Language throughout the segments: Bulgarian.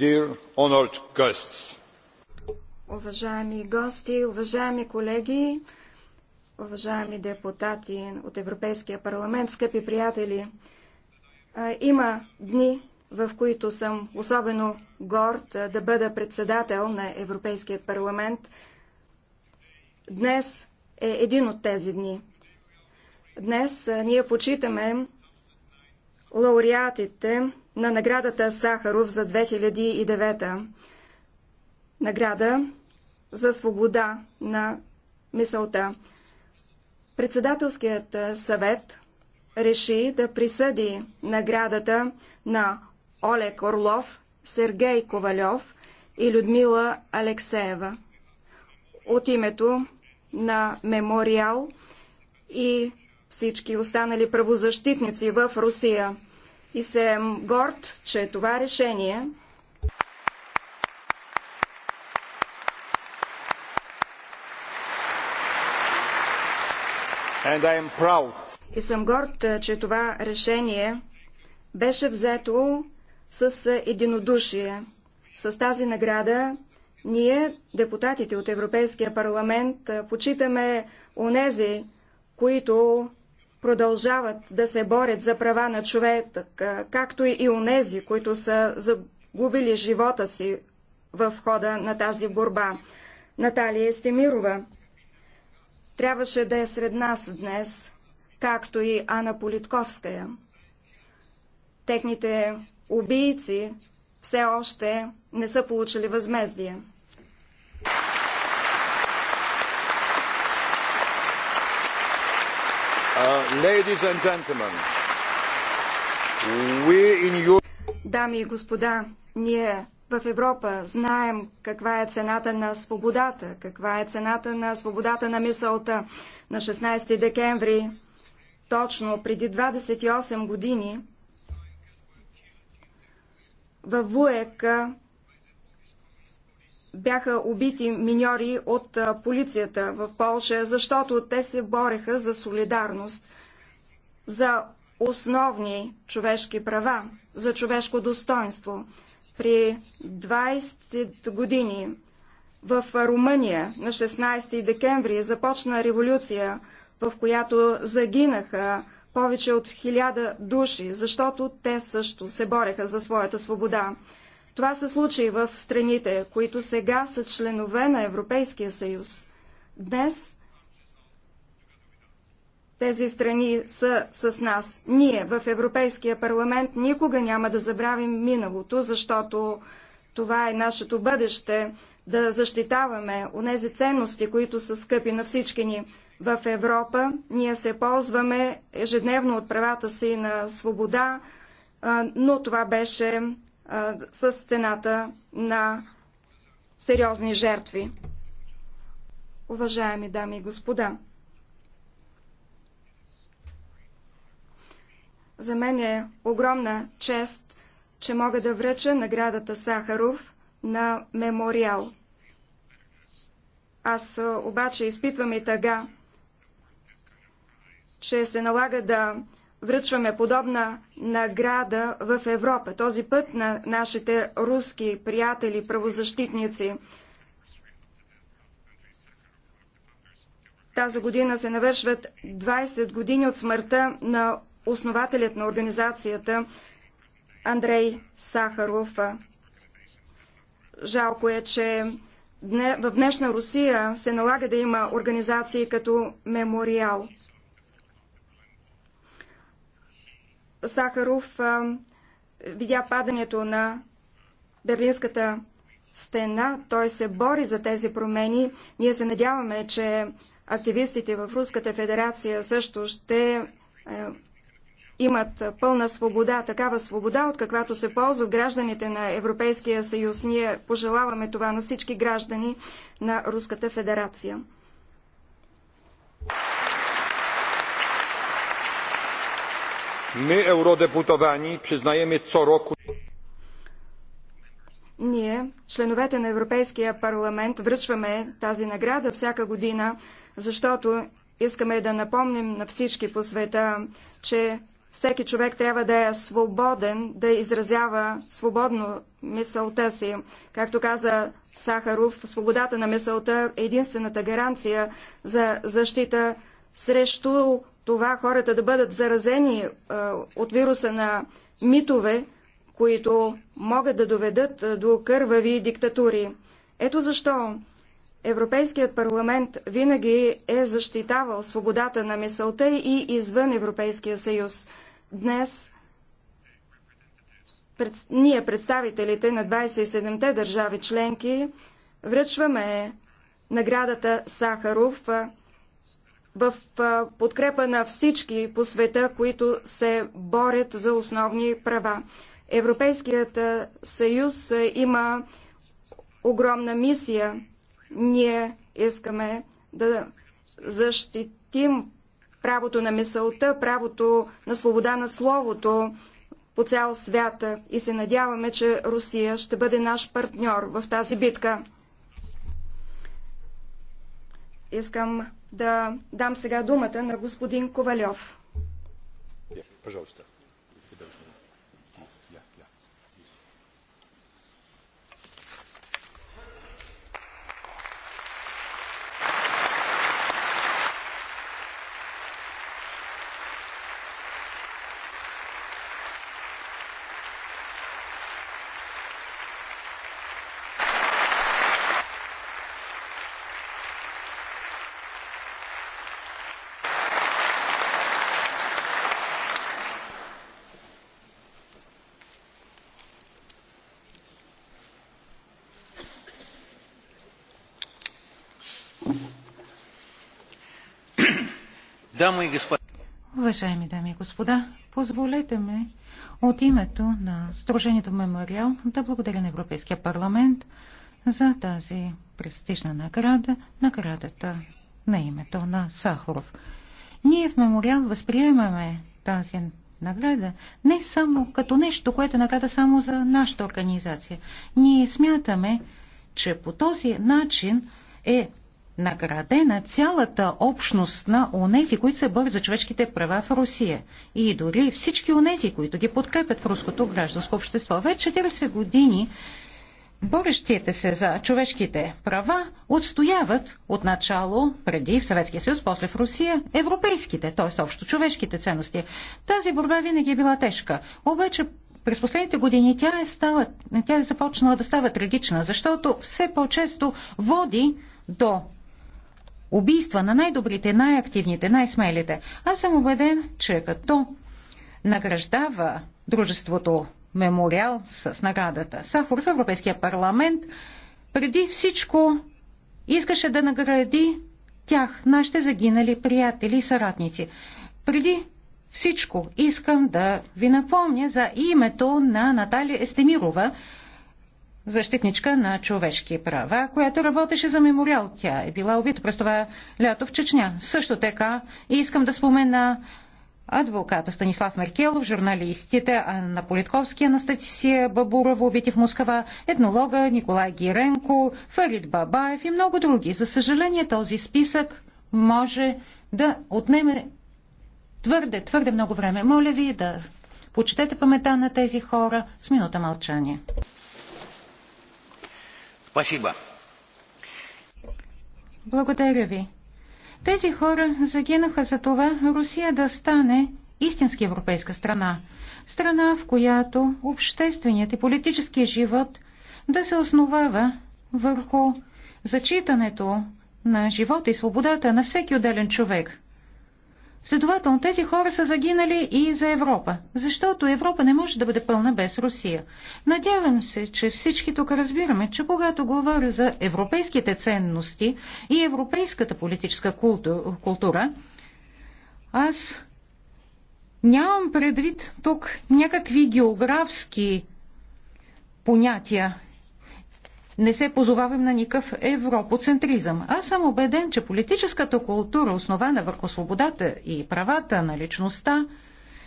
Dear honored guests. Уважаеми гости, уважаеми колеги, уважаеми депутати от Европейския парламент, скъпи приятели, има дни, в които съм особено горд да бъда председател на Европейският парламент. Днес е един от тези дни. Днес ние почитаме лауреатите на наградата Сахаров за 2009 награда за свобода на мисълта. Председателският съвет реши да присъди наградата на Олег Орлов, Сергей Ковалев и Людмила Алексеева от името на Мемориал и всички останали правозащитници в Русия и съм горд, че това решение И съм горд, че това решение беше взето с единодушие. С тази награда ние, депутатите от Европейския парламент, почитаме онези, които продължават да се борят за права на човека, както и онези, които са загубили живота си в хода на тази борба. Наталия Естемирова трябваше да е сред нас днес, както и Ана Политковская. Техните убийци все още не са получили възмездие. Uh, ladies and gentlemen, we in Europe... Дами и господа, ние в Европа знаем каква е цената на свободата, каква е цената на свободата на мисълта. На 16 декември, точно преди 28 години, във Вуека бяха убити миньори от полицията в Полша, защото те се бореха за солидарност, за основни човешки права, за човешко достоинство. При 20 години в Румъния на 16 декември започна революция, в която загинаха повече от хиляда души, защото те също се бореха за своята свобода. Това се случи в страните, които сега са членове на Европейския съюз. Днес тези страни са с нас. Ние в Европейския парламент никога няма да забравим миналото, защото това е нашето бъдеще, да защитаваме онези ценности, които са скъпи на всички ни. В Европа ние се ползваме ежедневно от правата си на свобода, но това беше с цената на сериозни жертви. Уважаеми дами и господа, за мен е огромна чест, че мога да връча наградата Сахаров на мемориал. Аз обаче изпитвам и тъга, че се налага да връчваме подобна награда в Европа, този път на нашите руски приятели, правозащитници. Тази година се навършват 20 години от смъртта на основателят на организацията Андрей Сахаров. Жалко е, че в днешна Русия се налага да има организации като мемориал. Сахаров видя падането на Берлинската стена. Той се бори за тези промени. Ние се надяваме, че активистите в Руската федерация също ще е, имат пълна свобода, такава свобода, от каквато се ползват гражданите на Европейския съюз. Ние пожелаваме това на всички граждани на Руската федерация. My, eurodeputowani, przyznajemy co roku... Ние, членовете на Европейския парламент, връчваме тази награда всяка година, защото искаме да напомним на всички по света, че всеки човек трябва да е свободен, да изразява свободно мисълта си. Както каза Сахаров, свободата на мисълта е единствената гаранция за защита срещу това хората да бъдат заразени е, от вируса на митове, които могат да доведат е, до кървави диктатури. Ето защо Европейският парламент винаги е защитавал свободата на мисълта и извън Европейския съюз. Днес пред... ние, представителите на 27-те държави членки, връчваме наградата Сахаров е, в подкрепа на всички по света, които се борят за основни права. Европейският съюз има огромна мисия. Ние искаме да защитим правото на мисълта, правото на свобода на словото по цял свят и се надяваме, че Русия ще бъде наш партньор в тази битка. Искам да дам сега думата на господин Ковалев. Е, пожалуйста. Дамо и господа. Уважаеми дами и господа, позволете ме от името на Сдружението Мемориал да благодаря на Европейския парламент за тази престижна награда, наградата на името на Сахаров. Ние в Мемориал възприемаме тази награда не само като нещо, което е награда само за нашата организация. Ние смятаме, че по този начин е наградена цялата общност на онези, които се борят за човешките права в Русия. И дори всички онези, които ги подкрепят в руското гражданско общество. Вече 40 години Борещите се за човешките права отстояват отначало, преди в Съветския съюз, после в Русия, европейските, т.е. общо човешките ценности. Тази борба винаги е била тежка. Обаче през последните години тя е, стала, тя е започнала да става трагична, защото все по-често води до убийства на най-добрите, най-активните, най-смелите. Аз съм убеден, че като награждава дружеството Мемориал с наградата Сахур в Европейския парламент, преди всичко искаше да награди тях, нашите загинали приятели и съратници. Преди всичко искам да ви напомня за името на Наталия Естемирова, защитничка на човешки права, която работеше за мемориал. Тя е била убита през това лято в Чечня. Също така и искам да спомена адвоката Станислав Меркелов, журналистите Анна Политковски, Анастасия Бабурова, убити в Москва, етнолога Николай Гиренко, Фарид Бабаев и много други. За съжаление този списък може да отнеме твърде, твърде много време. Моля ви да почетете памета на тези хора с минута мълчание. Спасибо. Благодаря ви. Тези хора загинаха за това Русия да стане истински европейска страна. Страна, в която общественият и политически живот да се основава върху зачитането на живота и свободата на всеки отделен човек. Следователно, тези хора са загинали и за Европа, защото Европа не може да бъде пълна без Русия. Надявам се, че всички тук разбираме, че когато говоря за европейските ценности и европейската политическа култура, аз нямам предвид тук някакви географски понятия не се позовавам на никакъв европоцентризъм. Аз съм убеден, че политическата култура, основана върху свободата и правата на личността,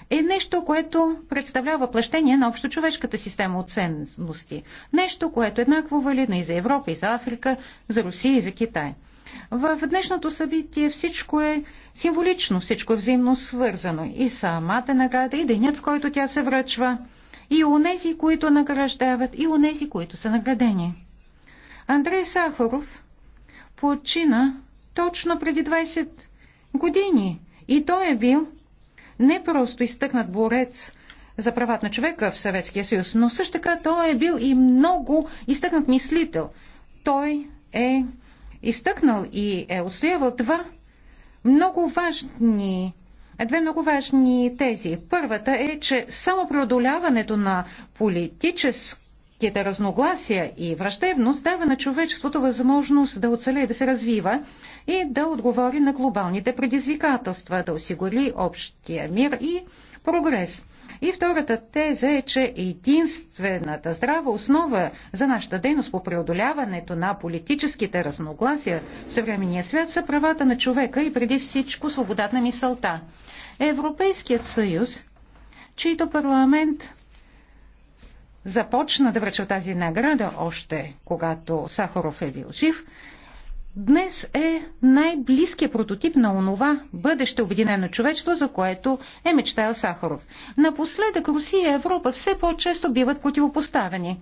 е нещо, което представлява плащение на общочовешката система от ценности. Нещо, което е еднакво валидно и за Европа, и за Африка, за Русия, и за Китай. В днешното събитие всичко е символично, всичко е взаимно свързано. И самата награда, и денят, в който тя се връчва, и у нези, които награждават, и нези, които са наградени. Андрей Сахаров почина точно преди 20 години и той е бил не просто изтъкнат борец за правът на човека в Съветския съюз, но също така той е бил и много изтъкнат мислител. Той е изтъкнал и е отстоявал два много важни две много важни тези. Първата е, че само преодоляването на политическо политическите разногласия и враждебност дава на човечеството възможност да оцелее да се развива и да отговори на глобалните предизвикателства, да осигури общия мир и прогрес. И втората теза е, че единствената здрава основа за нашата дейност по преодоляването на политическите разногласия в съвременния свят са правата на човека и преди всичко свободата на мисълта. Европейският съюз, чийто парламент започна да връчва тази награда още когато Сахаров е бил жив, днес е най-близкият прототип на онова бъдеще обединено човечество, за което е мечтал Сахаров. Напоследък Русия и Европа все по-често биват противопоставени.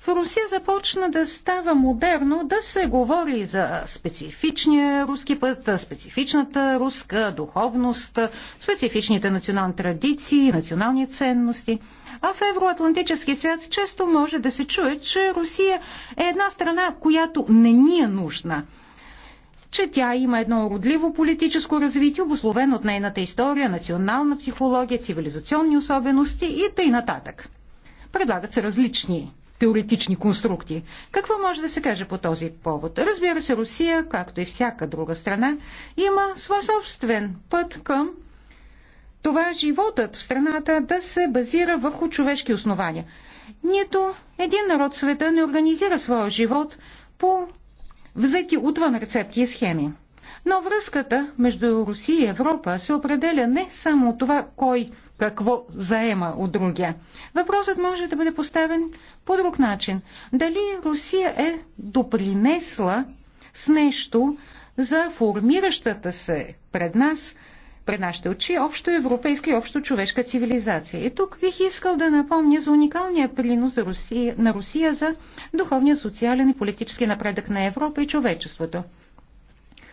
В Русия започна да става модерно да се говори за специфичния руски път, специфичната руска духовност, специфичните национални традиции, национални ценности – а в евроатлантически свят често може да се чуе, че Русия е една страна, която не ни е нужна че тя има едно уродливо политическо развитие, обословено от нейната история, национална психология, цивилизационни особености и т.н. Предлагат се различни теоретични конструкти. Какво може да се каже по този повод? Разбира се, Русия, както и всяка друга страна, има свой собствен път към това е животът в страната да се базира върху човешки основания. Нито един народ в света не организира своя живот по взети отвън рецепти и схеми. Но връзката между Русия и Европа се определя не само от това, кой какво заема от другия. Въпросът може да бъде поставен по друг начин. Дали Русия е допринесла с нещо за формиращата се пред нас – пред нашите очи общо европейска и общо човешка цивилизация. И тук бих искал да напомня за уникалния принос за Русия, на Русия за духовния, социален и политически напредък на Европа и човечеството.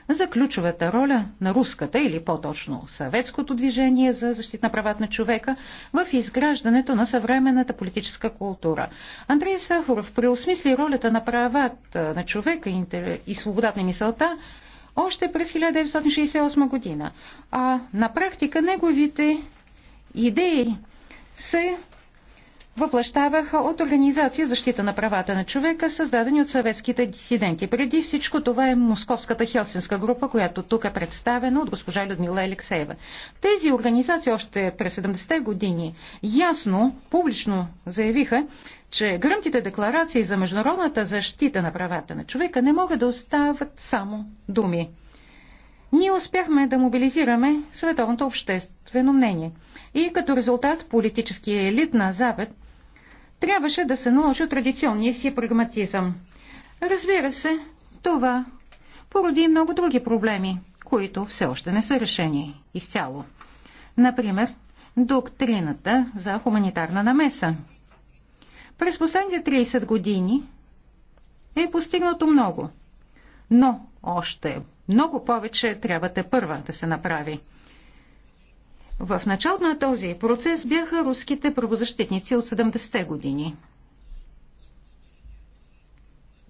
За ключовата роля на руската или по-точно съветското движение за защита на правата на човека в изграждането на съвременната политическа култура. Андрей Сахаров преосмисли ролята на правата на човека и свободата на мисълта още през 1968 година. А на практика неговите идеи се въплащаваха от Организация защита на правата на човека, създадени от съветските дисиденти. Преди всичко това е Московската хелсинска група, която тук е представена от госпожа Людмила Елексеева. Тези организации още през 70-те години ясно, публично заявиха, че гръмките декларации за международната защита на правата на човека не могат да остават само думи. Ние успяхме да мобилизираме световното обществено мнение. И като резултат политическия елит на Запад трябваше да се наложи от традиционния си прагматизъм. Разбира се, това породи и много други проблеми, които все още не са решени изцяло. Например, доктрината за хуманитарна намеса. През последните 30 години е постигнато много, но още много повече трябва те първа да се направи. В началото на този процес бяха руските правозащитници от 70-те години.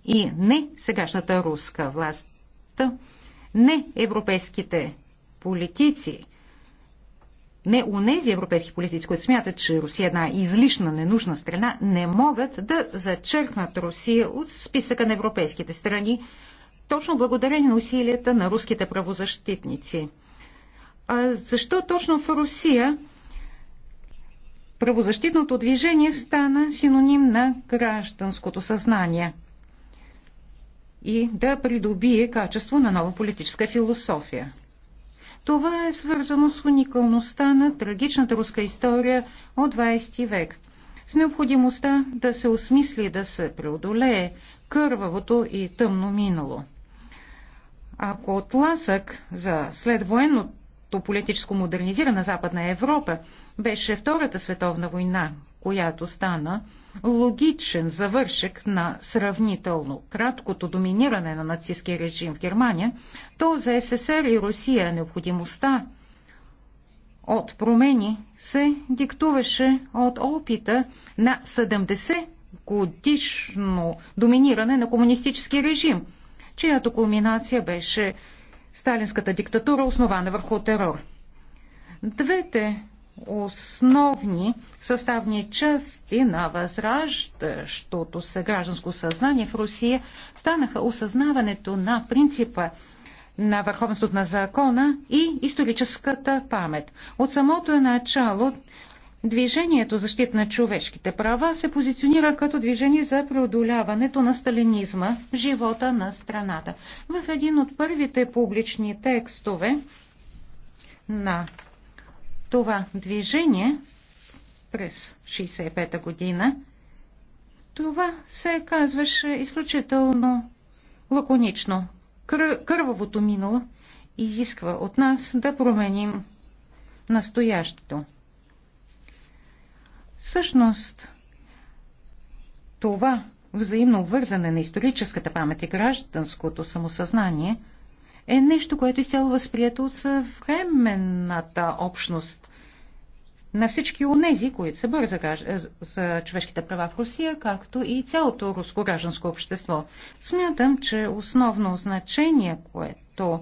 И не сегашната руска власт, не европейските политици, не унези европейски политици, които смятат, че Русия е една излишна, ненужна страна, не могат да зачеркнат Русия от списъка на европейските страни, точно благодарение на усилията на руските правозащитници а защо точно в Русия правозащитното движение стана синоним на гражданското съзнание и да придобие качество на нова политическа философия. Това е свързано с уникалността на трагичната руска история от 20 век, с необходимостта да се осмисли да се преодолее кървавото и тъмно минало. Ако отласък за следвоенното като политическо модернизирана Западна Европа беше Втората световна война, която стана логичен завършек на сравнително краткото доминиране на нацистския режим в Германия, то за СССР и Русия необходимостта от промени се диктуваше от опита на 70 годишно доминиране на комунистически режим, чиято кулминация беше сталинската диктатура, основана върху терор. Двете основни съставни части на възраждащото се гражданско съзнание в Русия станаха осъзнаването на принципа на върховенството на закона и историческата памет. От самото начало Движението защита на човешките права се позиционира като движение за преодоляването на сталинизма, живота на страната. В един от първите публични текстове на това движение през 1965 година, това се казваше изключително лаконично. Кър... Кървавото минало изисква от нас да променим настоящето. Всъщност, това взаимно вързане на историческата памет и гражданското самосъзнание е нещо, което изцяло възприето от съвременната общност на всички онези, които се борят за, гражд... за човешките права в Русия, както и цялото руско гражданско общество. Смятам, че основно значение, което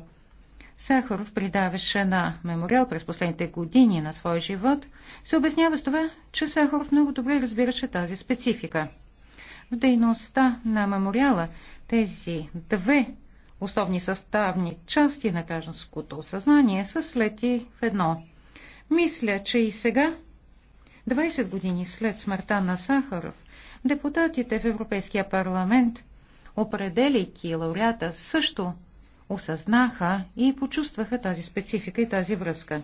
Сахаров придаваше на мемориал през последните години на своя живот, се обяснява с това, че Сахаров много добре разбираше тази специфика. В дейността на мемориала тези две основни съставни части на гражданското съзнание са слети в едно. Мисля, че и сега, 20 години след смъртта на Сахаров, депутатите в Европейския парламент, определяйки лауреата, също осъзнаха и почувстваха тази специфика и тази връзка.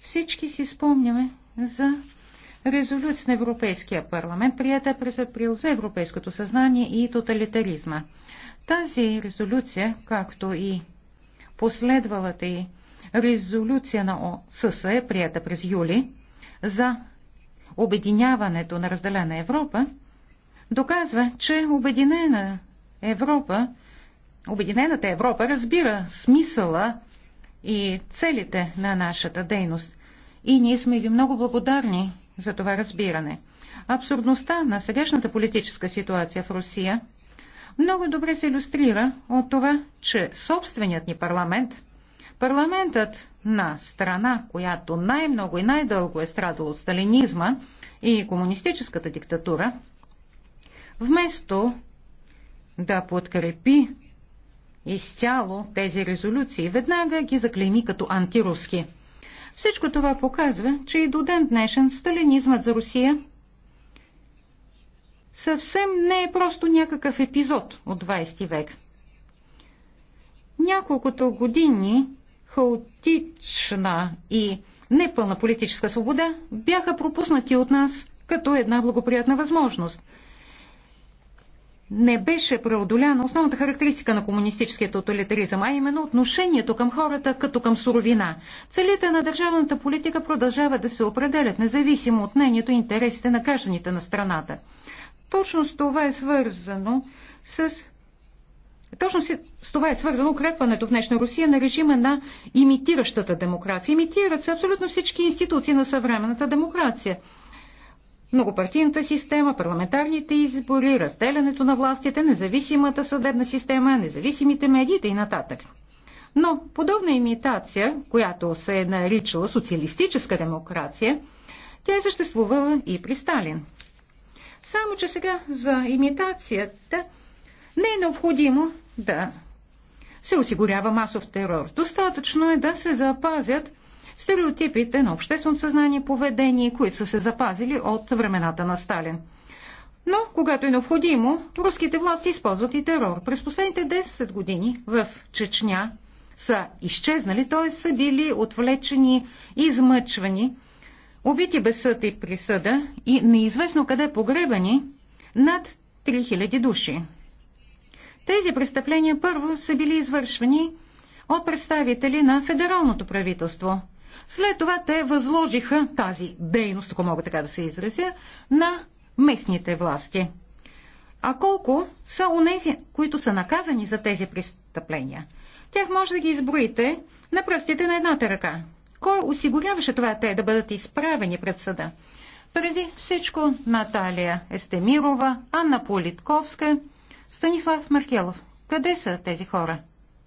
Всички си спомняме за резолюция на Европейския парламент, прията през април за европейското съзнание и тоталитаризма. Тази резолюция, както и последвалата и резолюция на е прията през юли, за обединяването на разделена Европа, доказва, че обединена Европа Обединената Европа разбира смисъла и целите на нашата дейност. И ние сме ви много благодарни за това разбиране. Абсурдността на сегашната политическа ситуация в Русия много добре се иллюстрира от това, че собственият ни парламент, парламентът на страна, която най-много и най-дълго е страдала от сталинизма и комунистическата диктатура, вместо да подкрепи изцяло тези резолюции, веднага ги заклейми като антируски. Всичко това показва, че и до ден днешен сталинизмът за Русия съвсем не е просто някакъв епизод от 20 век. Няколкото години хаотична и непълна политическа свобода бяха пропуснати от нас като една благоприятна възможност – не беше преодоляна основната характеристика на комунистическия тоталитаризъм, а именно отношението към хората като към суровина. Целите на държавната политика продължават да се определят, независимо от мнението и интересите на гражданите на страната. Точно с това е свързано с точно с това е свързано укрепването в днешна Русия на режима на имитиращата демокрация. Имитират се абсолютно всички институции на съвременната демокрация многопартийната система, парламентарните избори, разделянето на властите, независимата съдебна система, независимите медиите и нататък. Но подобна имитация, която се е наричала социалистическа демокрация, тя е съществувала и при Сталин. Само, че сега за имитацията не е необходимо да се осигурява масов терор. Достатъчно е да се запазят стереотипите на обществено съзнание и поведение, които са се запазили от времената на Сталин. Но, когато е необходимо, руските власти използват и терор. През последните 10 години в Чечня са изчезнали, т.е. са били отвлечени, измъчвани, убити без съд и присъда и неизвестно къде погребани над 3000 души. Тези престъпления първо са били извършвани от представители на федералното правителство – след това те възложиха тази дейност, ако мога така да се изразя, на местните власти. А колко са унези, които са наказани за тези престъпления? Тях може да ги изброите на пръстите на едната ръка. Кой осигуряваше това те да бъдат изправени пред съда? Преди всичко Наталия Естемирова, Анна Политковска, Станислав Маркелов. Къде са тези хора?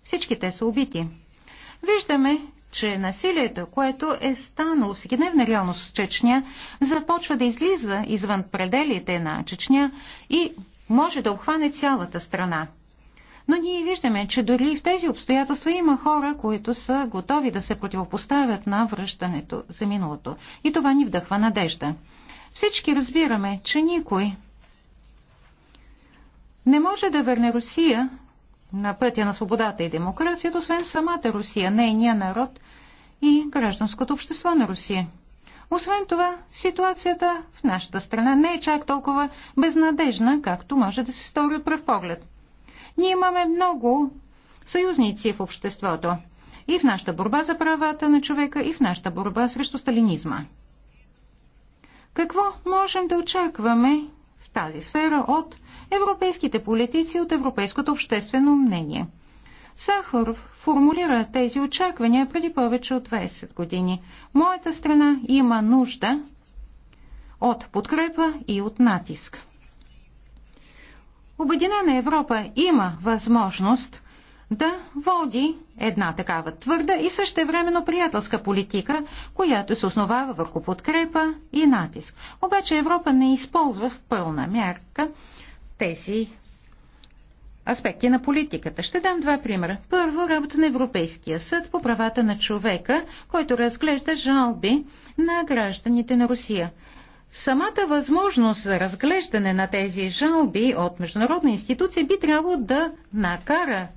Всички те са убити. Виждаме че насилието, което е станало всекидневна реалност в Чечня, започва да излиза извън пределите на Чечня и може да обхване цялата страна. Но ние виждаме, че дори в тези обстоятелства има хора, които са готови да се противопоставят на връщането за миналото. И това ни вдъхва надежда. Всички разбираме, че никой не може да върне Русия на пътя на свободата и демокрацията, освен самата Русия, нейния народ и гражданското общество на Русия. Освен това, ситуацията в нашата страна не е чак толкова безнадежна, както може да се стори от пръв поглед. Ние имаме много съюзници в обществото и в нашата борба за правата на човека, и в нашата борба срещу сталинизма. Какво можем да очакваме в тази сфера от европейските политици от европейското обществено мнение. Сахаров формулира тези очаквания преди повече от 20 години. Моята страна има нужда от подкрепа и от натиск. Обединена Европа има възможност да води една такава твърда и същевременно приятелска политика, която се основава върху подкрепа и натиск. Обаче Европа не използва в пълна мярка тези аспекти на политиката. Ще дам два примера. Първо, работа на Европейския съд по правата на човека, който разглежда жалби на гражданите на Русия. Самата възможност за разглеждане на тези жалби от международна институция би трябвало да накара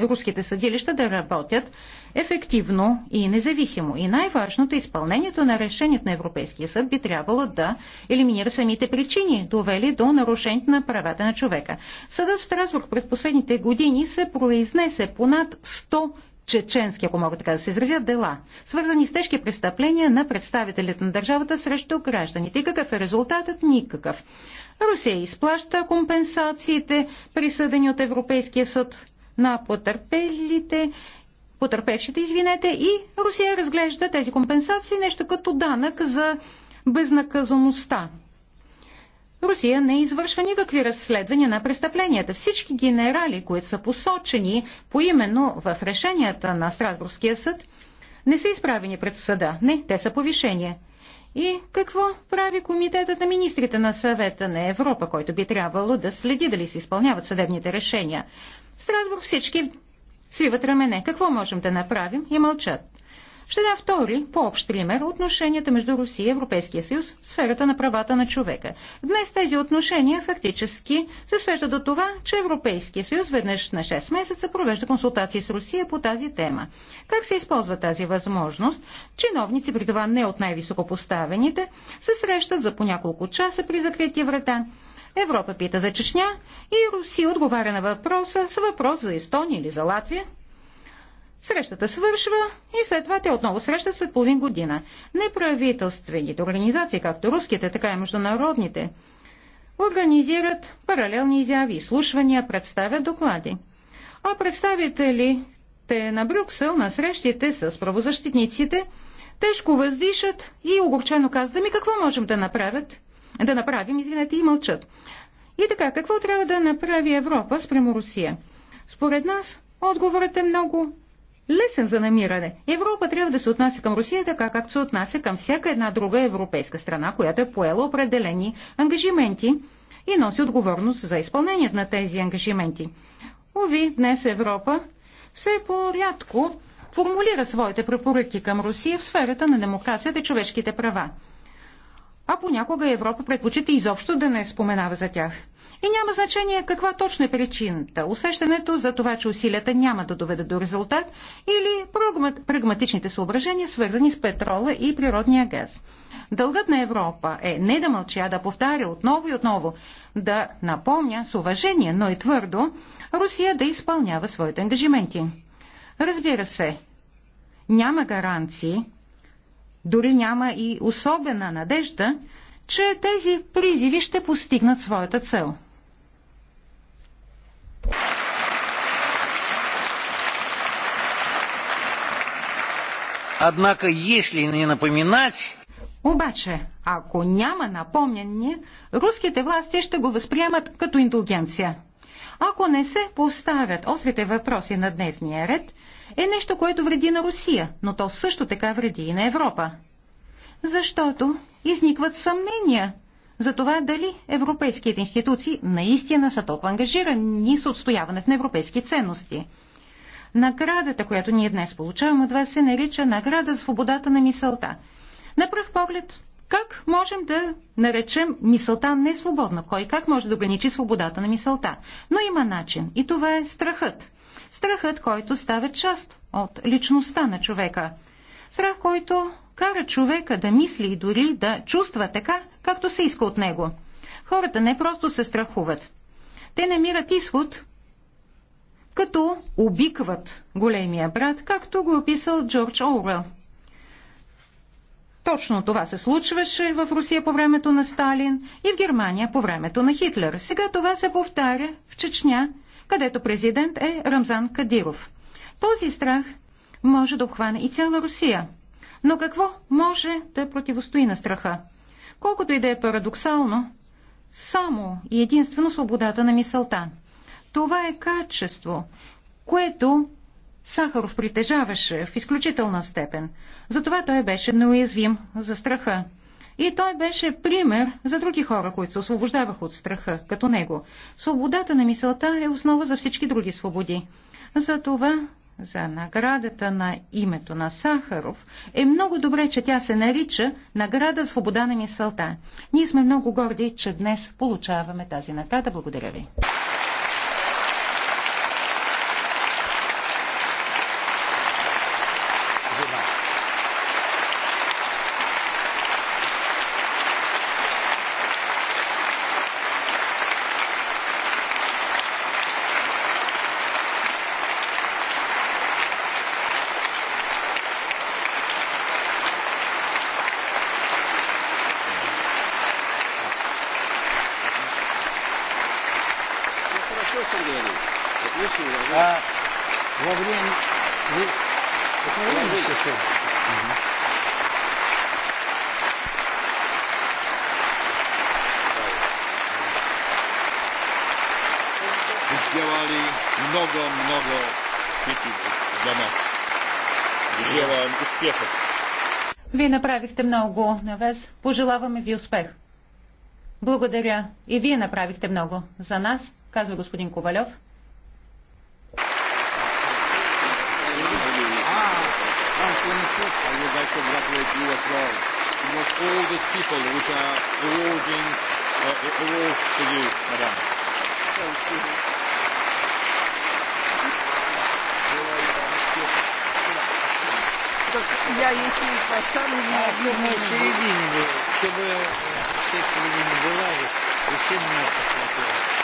руските съдилища да работят ефективно и независимо. И най-важното, изпълнението на решението на Европейския съд би трябвало да елиминира самите причини, довели до нарушението на правата на човека. Съдът в Страсбург през последните години се произнесе понад 100 чеченски, ако мога така да се изразя, дела, свързани с тежки престъпления на представителите на държавата срещу гражданите. И какъв е резултатът? Никакъв. Русия изплаща компенсациите, присъдени от Европейския съд на потърпелите, потърпевшите, извинете, и Русия разглежда тези компенсации нещо като данък за безнаказаността. Русия не извършва никакви разследвания на престъпленията. Всички генерали, които са посочени поименно в решенията на Страсбургския съд, не са изправени пред съда. Не, те са повишения. И какво прави комитетът на министрите на съвета на Европа, който би трябвало да следи дали се изпълняват съдебните решения? В Страсбург всички свиват рамене. Какво можем да направим? И мълчат. Ще дам втори, по-общ пример, отношенията между Русия и Европейския съюз в сферата на правата на човека. Днес тези отношения фактически се свеждат до това, че Европейския съюз веднъж на 6 месеца провежда консултации с Русия по тази тема. Как се използва тази възможност? Чиновници, при това не от най-високопоставените, се срещат за по няколко часа при закрити врата. Европа пита за Чечня и Русия отговаря на въпроса с въпрос за Естония или за Латвия, Срещата свършва и след това те отново срещат след половин година. Неправителствените организации, както руските, така и международните, организират паралелни изяви, слушвания, представят доклади. А представителите на Брюксел на срещите с правозащитниците тежко въздишат и огорчено казват, ми какво можем да направят? Да направим, извинете, и мълчат. И така, какво трябва да направи Европа спрямо Русия? Според нас отговорът е много лесен за намиране. Европа трябва да се отнася към Русия така, както се отнася към всяка една друга европейска страна, която е поела определени ангажименти и носи отговорност за изпълнението на тези ангажименти. Уви, днес Европа все по-рядко формулира своите препоръки към Русия в сферата на демокрацията и човешките права. А понякога Европа предпочита изобщо да не споменава за тях. И няма значение каква точно е причината. Усещането за това, че усилията няма да доведат до резултат или прагматичните съображения, свързани с петрола и природния газ. Дългът на Европа е не да мълча, а да повтаря отново и отново, да напомня с уважение, но и твърдо, Русия да изпълнява своите ангажименти. Разбира се, няма гаранции, дори няма и особена надежда, че тези призиви ще постигнат своята цел. Однако, если не напоминать... Обаче, ако няма напомняне, руските власти ще го възприемат като индулгенция. Ако не се поставят острите въпроси на дневния ред, е нещо, което вреди на Русия, но то също така вреди и на Европа. Защото изникват съмнения за това дали европейските институции наистина са толкова ангажирани с отстояването на европейски ценности. Наградата, която ние днес получаваме от вас, се нарича награда свободата на мисълта. На пръв поглед, как можем да наречем мисълта несвободна? Кой как може да ограничи свободата на мисълта? Но има начин и това е страхът. Страхът, който става част от личността на човека. Страх, който кара човека да мисли и дори да чувства така, както се иска от него. Хората не просто се страхуват. Те намират изход като обикват големия брат, както го е описал Джордж Оруел. Точно това се случваше в Русия по времето на Сталин и в Германия по времето на Хитлер. Сега това се повтаря в Чечня, където президент е Рамзан Кадиров. Този страх може да обхване и цяла Русия. Но какво може да противостои на страха? Колкото и да е парадоксално, само и единствено свободата на мисълта – това е качество, което Сахаров притежаваше в изключителна степен. Затова той беше неуязвим за страха. И той беше пример за други хора, които се освобождаваха от страха, като него. Свободата на мисълта е основа за всички други свободи. Затова за наградата на името на Сахаров е много добре, че тя се нарича награда свобода на мисълта. Ние сме много горди, че днес получаваме тази награда. Благодаря ви. много на вас. Пожелаваме ви успех. Благодаря. И вие направихте много за нас, казва господин Ковалев. Thank you. так я если и поставлю на в середине, чтобы все середине была, и все меня посмотрели.